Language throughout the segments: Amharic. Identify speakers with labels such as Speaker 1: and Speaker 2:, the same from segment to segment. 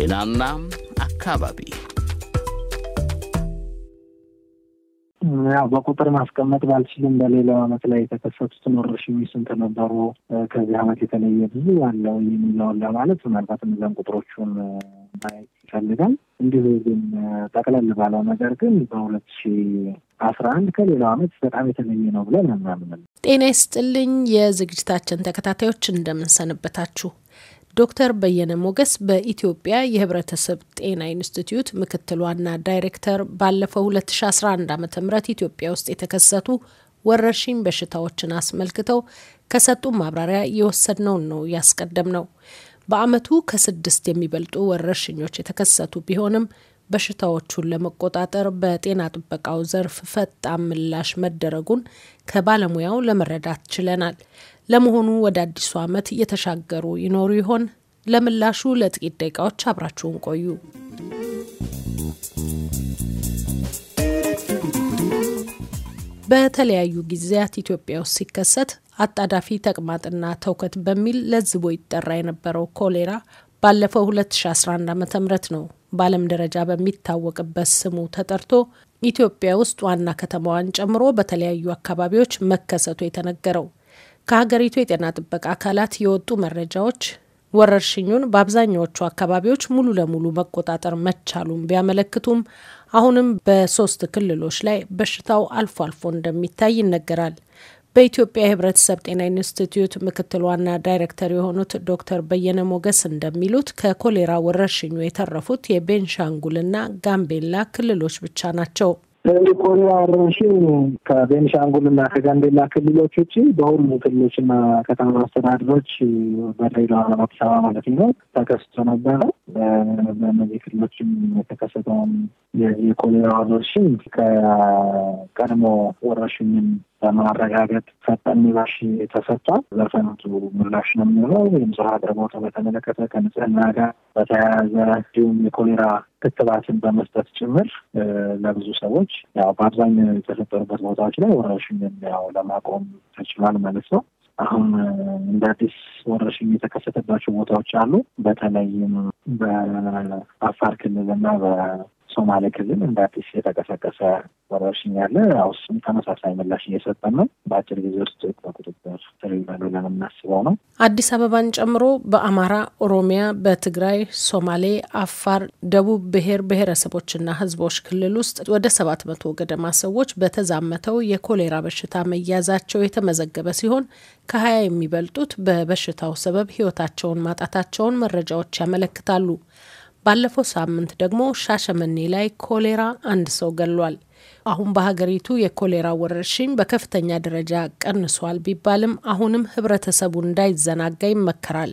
Speaker 1: ጤናና አካባቢ
Speaker 2: ያው በቁጥር ማስቀመጥ ባልችልም በሌላው አመት ላይ የተከሰቱትን ወረርሽኞች ስንት ነበሩ፣ ከዚህ አመት የተለየ ብዙ ያለው የሚለውን ለማለት ምናልባት እነዚያን ቁጥሮቹን ማየት ይፈልጋል። እንዲሁ ግን ጠቅለል ባለው ነገር ግን በሁለት ሺ አስራ አንድ ከሌላው አመት በጣም የተለየ ነው ብለን እናምናለን።
Speaker 1: ጤና ይስጥልኝ የዝግጅታችን ተከታታዮች እንደምንሰንበታችሁ ዶክተር በየነ ሞገስ በኢትዮጵያ የህብረተሰብ ጤና ኢንስቲትዩት ምክትል ዋና ዳይሬክተር ባለፈው 2011 ዓ ም ኢትዮጵያ ውስጥ የተከሰቱ ወረርሽኝ በሽታዎችን አስመልክተው ከሰጡ ማብራሪያ የወሰድነውን ነው ያስቀደም ነው። በአመቱ ከስድስት የሚበልጡ ወረርሽኞች የተከሰቱ ቢሆንም በሽታዎቹን ለመቆጣጠር በጤና ጥበቃው ዘርፍ ፈጣን ምላሽ መደረጉን ከባለሙያው ለመረዳት ችለናል። ለመሆኑ ወደ አዲሱ ዓመት እየተሻገሩ ይኖሩ ይሆን? ለምላሹ ለጥቂት ደቂቃዎች አብራችሁን ቆዩ። በተለያዩ ጊዜያት ኢትዮጵያ ውስጥ ሲከሰት አጣዳፊ ተቅማጥና ተውከት በሚል ለዝቦ ይጠራ የነበረው ኮሌራ ባለፈው 2011 ዓ ም ነው በዓለም ደረጃ በሚታወቅበት ስሙ ተጠርቶ ኢትዮጵያ ውስጥ ዋና ከተማዋን ጨምሮ በተለያዩ አካባቢዎች መከሰቱ የተነገረው። ከሀገሪቱ የጤና ጥበቃ አካላት የወጡ መረጃዎች ወረርሽኙን በአብዛኛዎቹ አካባቢዎች ሙሉ ለሙሉ መቆጣጠር መቻሉን ቢያመለክቱም አሁንም በሶስት ክልሎች ላይ በሽታው አልፎ አልፎ እንደሚታይ ይነገራል። በኢትዮጵያ የህብረተሰብ ጤና ኢንስቲትዩት ምክትል ዋና ዳይሬክተር የሆኑት ዶክተር በየነ ሞገስ እንደሚሉት ከኮሌራ ወረርሽኙ የተረፉት የቤንሻንጉልና ጋምቤላ ክልሎች ብቻ ናቸው።
Speaker 2: የኮሌራ ወረርሽኝ ከቤንሻንጉልና ከጋምቤላ ክልሎች ውጭ በሁሉም ክልሎችና ከተማ አስተዳደሮች በድሬዳዋ፣ አዲስ አበባ ማለት ነው ተከስቶ ነበረ። በእነዚህ ክልሎችም የተከሰተውን የኮሌራ ወረርሽኝ ከቀድሞ ወረርሽኝም ለማረጋገጥ ፈጣን ባሽ ተሰጥቷል። ዘፈንቱ ምላሽ ነው የሚሆነው። የንጹህ አቅርቦት በተመለከተ ከንጽህና ጋር በተያያዘ እንዲሁም የኮሌራ ክትባትን በመስጠት ጭምር ለብዙ ሰዎች ያው በአብዛኛው የተፈጠሩበት ቦታዎች ላይ ወረርሽኝን ያው ለማቆም ተችሏል ማለት ነው። አሁን እንደ አዲስ ወረርሽኝ የተከሰተባቸው ቦታዎች አሉ። በተለይም በአፋር ክልል እና ሶማሌ ክልል እንደ አዲስ የተቀሰቀሰ ወረርሽኝ ያለ አውስም ተመሳሳይ ምላሽ እየሰጠን ነው። በአጭር ጊዜ ውስጥ በቁጥጥር ስር ይውላሉ ብለን የምናስበው ነው።
Speaker 1: አዲስ አበባን ጨምሮ በአማራ፣ ኦሮሚያ፣ በትግራይ፣ ሶማሌ፣ አፋር፣ ደቡብ ብሔር ብሔረሰቦችና ህዝቦች ክልል ውስጥ ወደ ሰባት መቶ ገደማ ሰዎች በተዛመተው የኮሌራ በሽታ መያዛቸው የተመዘገበ ሲሆን ከሀያ የሚበልጡት በበሽታው ሰበብ ህይወታቸውን ማጣታቸውን መረጃዎች ያመለክታሉ። ባለፈው ሳምንት ደግሞ ሻሸመኔ ላይ ኮሌራ አንድ ሰው ገሏል። አሁን በሀገሪቱ የኮሌራ ወረርሽኝ በከፍተኛ ደረጃ ቀንሷል ቢባልም አሁንም ህብረተሰቡ እንዳይዘናጋ ይመከራል።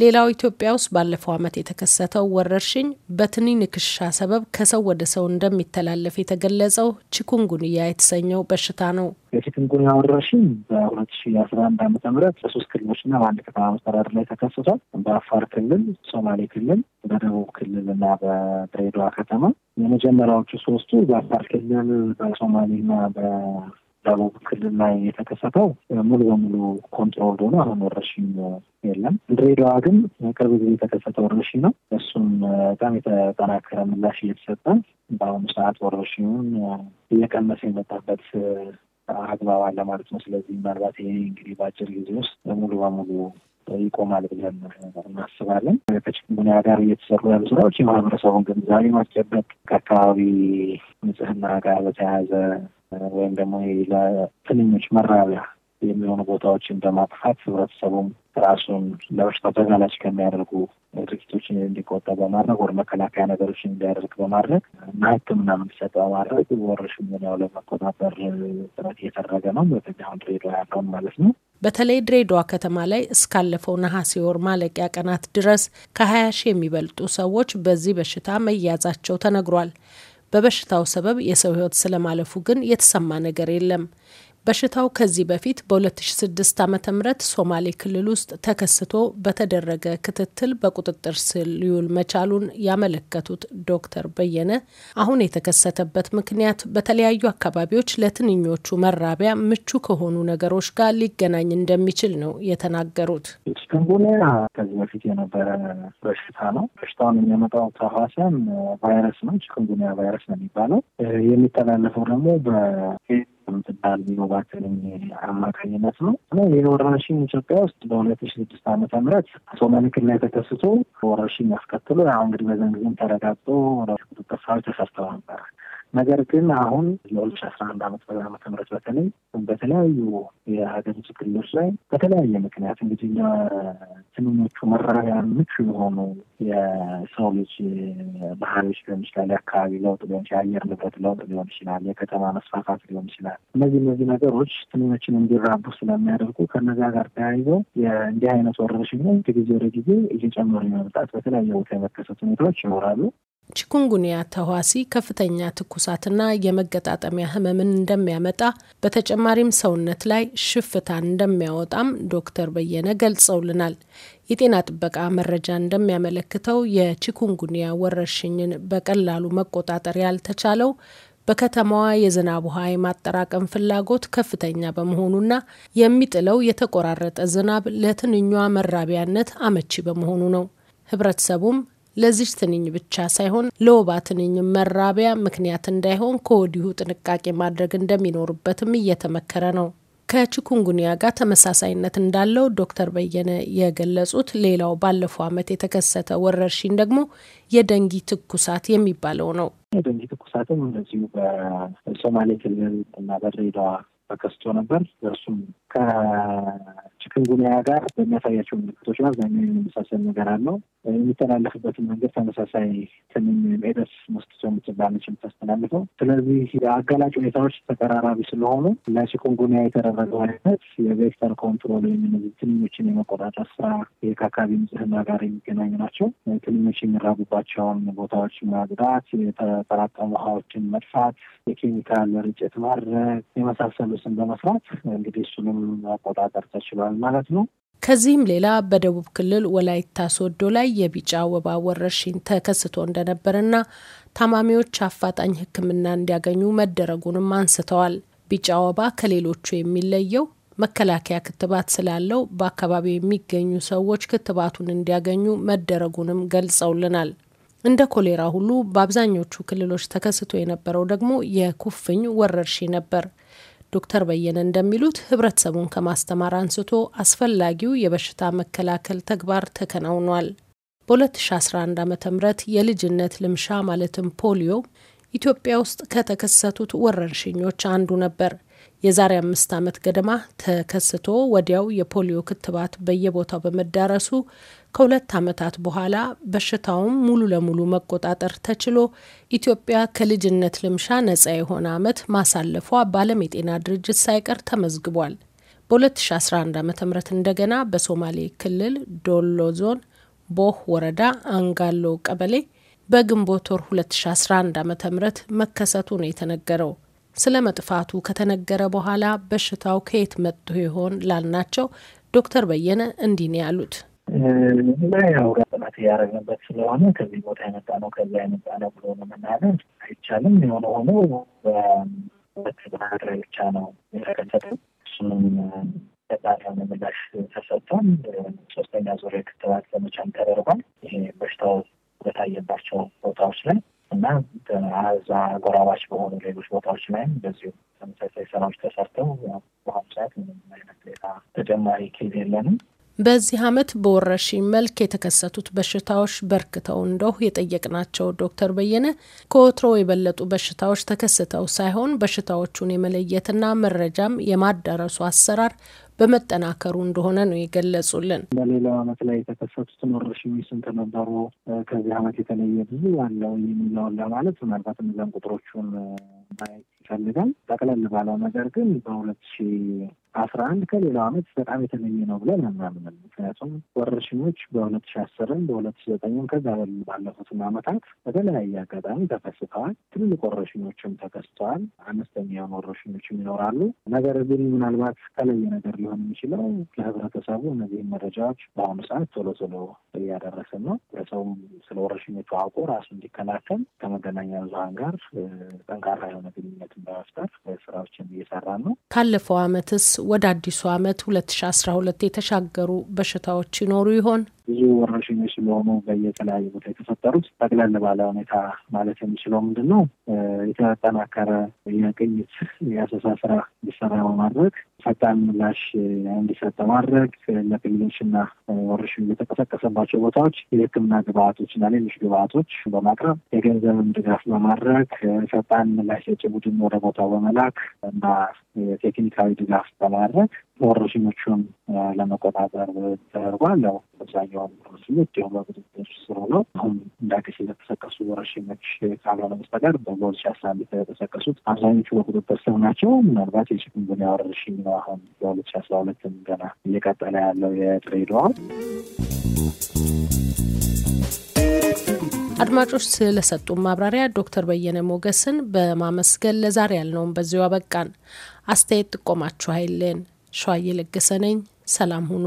Speaker 1: ሌላው ኢትዮጵያ ውስጥ ባለፈው ዓመት የተከሰተው ወረርሽኝ በትንኝ ንክሻ ሰበብ ከሰው ወደ ሰው እንደሚተላለፍ የተገለጸው ቺኩንጉንያ የተሰኘው በሽታ ነው።
Speaker 2: የቺኩንጉንያ ወረርሽኝ በሁለት ሺ አስራ አንድ ዓመተ ምህረት በሶስት ክልሎችና በአንድ ከተማ መስተዳድር ላይ ተከስቷል። በአፋር ክልል፣ ሶማሌ ክልል፣ በደቡብ ክልል እና በድሬዳዋ ከተማ የመጀመሪያዎቹ ሶስቱ በአፋር ክልል፣ በሶማሌና ደቡብ ክልል ላይ የተከሰተው ሙሉ በሙሉ ኮንትሮል ሆኖ አሁን ወረርሽኝ የለም። ድሬዳዋ ግን ቅርብ ጊዜ የተከሰተ ወረርሽኝ ነው። እሱም በጣም የተጠናከረ ምላሽ እየተሰጠ በአሁኑ ሰዓት ወረርሽኙን እየቀነሰ የመጣበት አግባብ አለ ማለት ነው። ስለዚህ ምናልባት ይሄ እንግዲህ በአጭር ጊዜ ውስጥ ሙሉ በሙሉ ይቆማል ብለን እናስባለን። ከችግንጉንያ ጋር እየተሰሩ ያሉ ስራዎች የማህበረሰቡን ግንዛቤ ማስጨበቅ ከአካባቢ ንጽህና ጋር በተያያዘ ወይም ደግሞ ለትንኞች መራቢያ የሚሆኑ ቦታዎችን በማጥፋት ህብረተሰቡም ራሱን ለበሽታው ተጋላጭ ከሚያደርጉ ድርጊቶችን እንዲቆጠብ በማድረግ ወደ መከላከያ ነገሮችን እንዲያደርግ በማድረግ እና ሕክምና እንዲሰጥ በማድረግ ወረርሽኙን ያው ለመቆጣጠር ጥረት እየተደረገ ነው። በተለይ አሁን ድሬዳዋ ያለውን ማለት ነው።
Speaker 1: በተለይ ድሬዳዋ ከተማ ላይ እስካለፈው ነሐሴ ወር ማለቂያ ቀናት ድረስ ከሀያ ሺህ የሚበልጡ ሰዎች በዚህ በሽታ መያዛቸው ተነግሯል። በበሽታው ሰበብ የሰው ህይወት ስለማለፉ ግን የተሰማ ነገር የለም። በሽታው ከዚህ በፊት በ2006 ዓ ም ሶማሌ ክልል ውስጥ ተከስቶ በተደረገ ክትትል በቁጥጥር ስር ሊውል መቻሉን ያመለከቱት ዶክተር በየነ አሁን የተከሰተበት ምክንያት በተለያዩ አካባቢዎች ለትንኞቹ መራቢያ ምቹ ከሆኑ ነገሮች ጋር ሊገናኝ እንደሚችል ነው የተናገሩት።
Speaker 2: ቺኩንጉንያ ከዚህ በፊት የነበረ በሽታ ነው። በሽታውን የሚያመጣው ተህዋሲያን ቫይረስ ነው። ቺኩንጉንያ ቫይረስ ነው የሚባለው። የሚተላለፈው ደግሞ በኤድስ የምትባል ኖቫክሲን አማካኝነት ነው እና ይህ ወረርሽኝ ኢትዮጵያ ውስጥ በሁለት ሺ ስድስት ዓመተ ምህረት ሶማሌ ክልል ላይ ተከስቶ ወረርሽኝ ያስከትሎ አሁን እንግዲህ በዛን ጊዜም ተረጋግጦ ቁጥጥር ስራዎች ተሰርተው ነበር። ነገር ግን አሁን ለሁለት ሺ አስራ አንድ ዓመት ዓመተ ምህረት በተለይ በተለያዩ የሀገሪቱ ክልሎች ላይ በተለያየ ምክንያት እንግዲህ ለትንኞቹ መራቢያ ምቹ የሆኑ የሰው ልጅ ባህሪዎች ሊሆን ይችላል፣ የአካባቢ ለውጥ ሊሆን ይችላል፣ የአየር ንብረት ለውጥ ሊሆን ይችላል፣ የከተማ መስፋፋት ሊሆን ይችላል። እነዚህ እነዚህ ነገሮች ትንኞችን እንዲራቡ ስለሚያደርጉ ከነዚያ ጋር ተያይዘው እንዲህ አይነት ወረርሽኝ ላይ ከጊዜ ወደ ጊዜ እየጨመሩ የመምጣት በተለያየ ቦታ የመከሰት ሁኔታዎች ይኖራሉ።
Speaker 1: ቺኩንጉኒያ ተዋሲ ከፍተኛ ትኩሳትና የመገጣጠሚያ ህመምን እንደሚያመጣ በተጨማሪም ሰውነት ላይ ሽፍታን እንደሚያወጣም ዶክተር በየነ ገልጸውልናል። የጤና ጥበቃ መረጃ እንደሚያመለክተው የቺኩንጉኒያ ወረርሽኝን በቀላሉ መቆጣጠር ያልተቻለው በከተማዋ የዝናብ ውሃ የማጠራቀም ፍላጎት ከፍተኛ በመሆኑና የሚጥለው የተቆራረጠ ዝናብ ለትንኛ መራቢያነት አመቺ በመሆኑ ነው። ህብረተሰቡም ለዚች ትንኝ ብቻ ሳይሆን ለወባ ትንኝ መራቢያ ምክንያት እንዳይሆን ከወዲሁ ጥንቃቄ ማድረግ እንደሚኖርበትም እየተመከረ ነው። ከቺኩንጉንያ ጋር ተመሳሳይነት እንዳለው ዶክተር በየነ የገለጹት ሌላው ባለፈው ዓመት የተከሰተ ወረርሽኝ ደግሞ የደንጊ ትኩሳት የሚባለው ነው።
Speaker 2: የደንጊ ትኩሳትም እንደዚሁ በሶማሌ ክልል እና በድሬዳዋ ተከስቶ ነበር። እርሱም ከችክንጉኒያ ጋር በሚያሳያቸው ምልክቶች አብዛኛው የመመሳሰል ነገር አለው። የሚተላለፍበትን መንገድ ተመሳሳይ ትንኝ ኤደስ ሞስኪቶ የምትባለች የምታስተላልፈው። ስለዚህ የአጋላጭ ሁኔታዎች ተቀራራቢ ስለሆኑ ለችክንጉኒያ የተደረገው አይነት የቬክተር ኮንትሮል ወይም እነዚህ ትንኞችን የመቆጣጠር ስራ ይህ ከአካባቢ ንጽህና ጋር የሚገናኙ ናቸው። ትንኞች የሚራቡባቸውን ቦታዎች ማጽዳት፣ የተጠራቀሙ ውሃዎችን መድፋት፣ የኬሚካል ርጭት ማድረግ የመሳሰሉትን በመስራት እንግዲህ እሱንም አሁንም መቆጣጠር ተችሏል ማለት ነው።
Speaker 1: ከዚህም ሌላ በደቡብ ክልል ወላይታ ሶዶ ላይ የቢጫ ወባ ወረርሽኝ ተከስቶ እንደነበርና ታማሚዎች አፋጣኝ ሕክምና እንዲያገኙ መደረጉንም አንስተዋል። ቢጫ ወባ ከሌሎቹ የሚለየው መከላከያ ክትባት ስላለው በአካባቢው የሚገኙ ሰዎች ክትባቱን እንዲያገኙ መደረጉንም ገልጸውልናል። እንደ ኮሌራ ሁሉ በአብዛኞቹ ክልሎች ተከስቶ የነበረው ደግሞ የኩፍኝ ወረርሽኝ ነበር። ዶክተር በየነ እንደሚሉት ህብረተሰቡን ከማስተማር አንስቶ አስፈላጊው የበሽታ መከላከል ተግባር ተከናውኗል። በ2011 ዓ ም የልጅነት ልምሻ ማለትም ፖሊዮ ኢትዮጵያ ውስጥ ከተከሰቱት ወረርሽኞች አንዱ ነበር። የዛሬ አምስት ዓመት ገደማ ተከስቶ ወዲያው የፖሊዮ ክትባት በየቦታው በመዳረሱ ከሁለት ዓመታት በኋላ በሽታውም ሙሉ ለሙሉ መቆጣጠር ተችሎ ኢትዮጵያ ከልጅነት ልምሻ ነጻ የሆነ ዓመት ማሳለፏ በዓለም የጤና ድርጅት ሳይቀር ተመዝግቧል። በ2011 ዓ ም እንደገና በሶማሌ ክልል ዶሎ ዞን ቦህ ወረዳ አንጋሎ ቀበሌ በግንቦት ወር 2011 ዓ ም መከሰቱ ነው የተነገረው። ስለ መጥፋቱ ከተነገረ በኋላ በሽታው ከየት መጥቶ ይሆን ላልናቸው ዶክተር በየነ እንዲህ ነው ያሉት።
Speaker 2: ላይ አውራ ጥናት እያደረግንበት ስለሆነ ከዚህ ቦታ የመጣ ነው ከዚያ የመጣ ነው ብሎ ነው ለመናገር አይቻልም። የሆነ ሆኖ በሁለት ጥናት ብቻ ነው የተከሰተው። እሱንም ተጣሪ ምላሽ ተሰጥቷል። ሶስተኛ ዙር የክትባት ዘመቻም ተደርጓል። ይሄ በሽታው በታየባቸው ቦታዎች ላይ እና እዛ አጎራባች በሆኑ ሌሎች ቦታዎች ላይም በዚሁ ተመሳሳይ ስራዎች ተሰርተው በአሁኑ ሰዓት ምንም አይነት ሌላ ተጨማሪ ኬዝ የለንም።
Speaker 1: በዚህ ዓመት በወረርሽኝ መልክ የተከሰቱት በሽታዎች በርክተው እንደሁ የጠየቅናቸው ዶክተር በየነ ከወትሮ የበለጡ በሽታዎች ተከስተው ሳይሆን በሽታዎቹን የመለየትና መረጃም የማዳረሱ አሰራር በመጠናከሩ እንደሆነ ነው የገለጹልን።
Speaker 2: በሌላው ዓመት ላይ የተከሰቱትን ወረርሽኞች ስንት ነበሩ፣ ከዚህ ዓመት የተለየ ብዙ ያለው የሚለውን ለማለት ምናልባት እነዚያን ቁጥሮቹን ማየት ይፈልጋል። ጠቅለል ባለው ነገር ግን በሁለት ሺህ አስራ አንድ ከሌላው ዓመት በጣም የተለየ ነው ብለን አናምንም። ምክንያቱም ወረርሽኞች በሁለት ሺ አስርም በሁለት ሺ ዘጠኝም ከዛ በል ባለፉትም አመታት በተለያየ አጋጣሚ ተከስተዋል። ትልልቅ ወረርሽኞችም ተከስተዋል። አነስተኛ የሆኑ ወረርሽኞችም ይኖራሉ። ነገር ግን ምናልባት ከለየ ነገር ሊሆን የሚችለው ለህብረተሰቡ እነዚህን መረጃዎች በአሁኑ ሰዓት ቶሎ ቶሎ እያደረስን ነው። ለሰው ስለ ወረርሽኞቹ አውቆ ራሱ እንዲከላከል ከመገናኛ ብዙሀን ጋር ጠንካራ የሆነ ግንኙነትን በመፍጠር ስራዎችን እየሰራን
Speaker 1: ነው። ካለፈው አመትስ ወደ አዲሱ ዓመት 2012 የተሻገሩ በሽታዎች ይኖሩ ይሆን?
Speaker 2: ብዙ ወረርሽኞች ስለሆኑ በየተለያዩ ቦታ የተፈጠሩት ጠቅለል ባለ ሁኔታ ማለት የሚችለው ምንድን ነው የተጠናከረ የቅኝት የአሰሳ ስራ እንዲሰራ በማድረግ ፈጣን ምላሽ እንዲሰጥ በማድረግ ለክልሎችና ወረርሽኙ የተቀሰቀሰባቸው ቦታዎች የሕክምና ግብአቶች እና ሌሎች ግብአቶች በማቅረብ የገንዘብም ድጋፍ በማድረግ ፈጣን ምላሽ የጭ ቡድን ወደ ቦታው በመላክ እና የቴክኒካዊ ድጋፍ በማድረግ ወረርሽኞቹን ለመቆጣጠር ተደርጓል። ያው አብዛኛውን ወረርሽኞች ያው በቁጥጥር ስር ሆነው አሁን እንደ አዲስ የተቀሰቀሱ ወረርሽኞች ካልሆነ በስተቀር በሁለት ሺህ አስራ አንድ የተቀሰቀሱት አብዛኞቹ በቁጥጥር ስር ናቸው። ምናልባት የቺኩንጉንያ ወረርሽኝ ነው አሁን በሁለት ሺህ አስራ ሁለትም ገና እየቀጠለ ያለው የድሬዳዋ
Speaker 1: አድማጮች ስለሰጡን ማብራሪያ ዶክተር በየነ ሞገስን በማመስገን ለዛሬ ያልነውም በዚሁ አበቃን። አስተያየት ጥቆማችሁ አይለን ሸዋዬ ለገሰ ነኝ። ሰላም ሁኑ።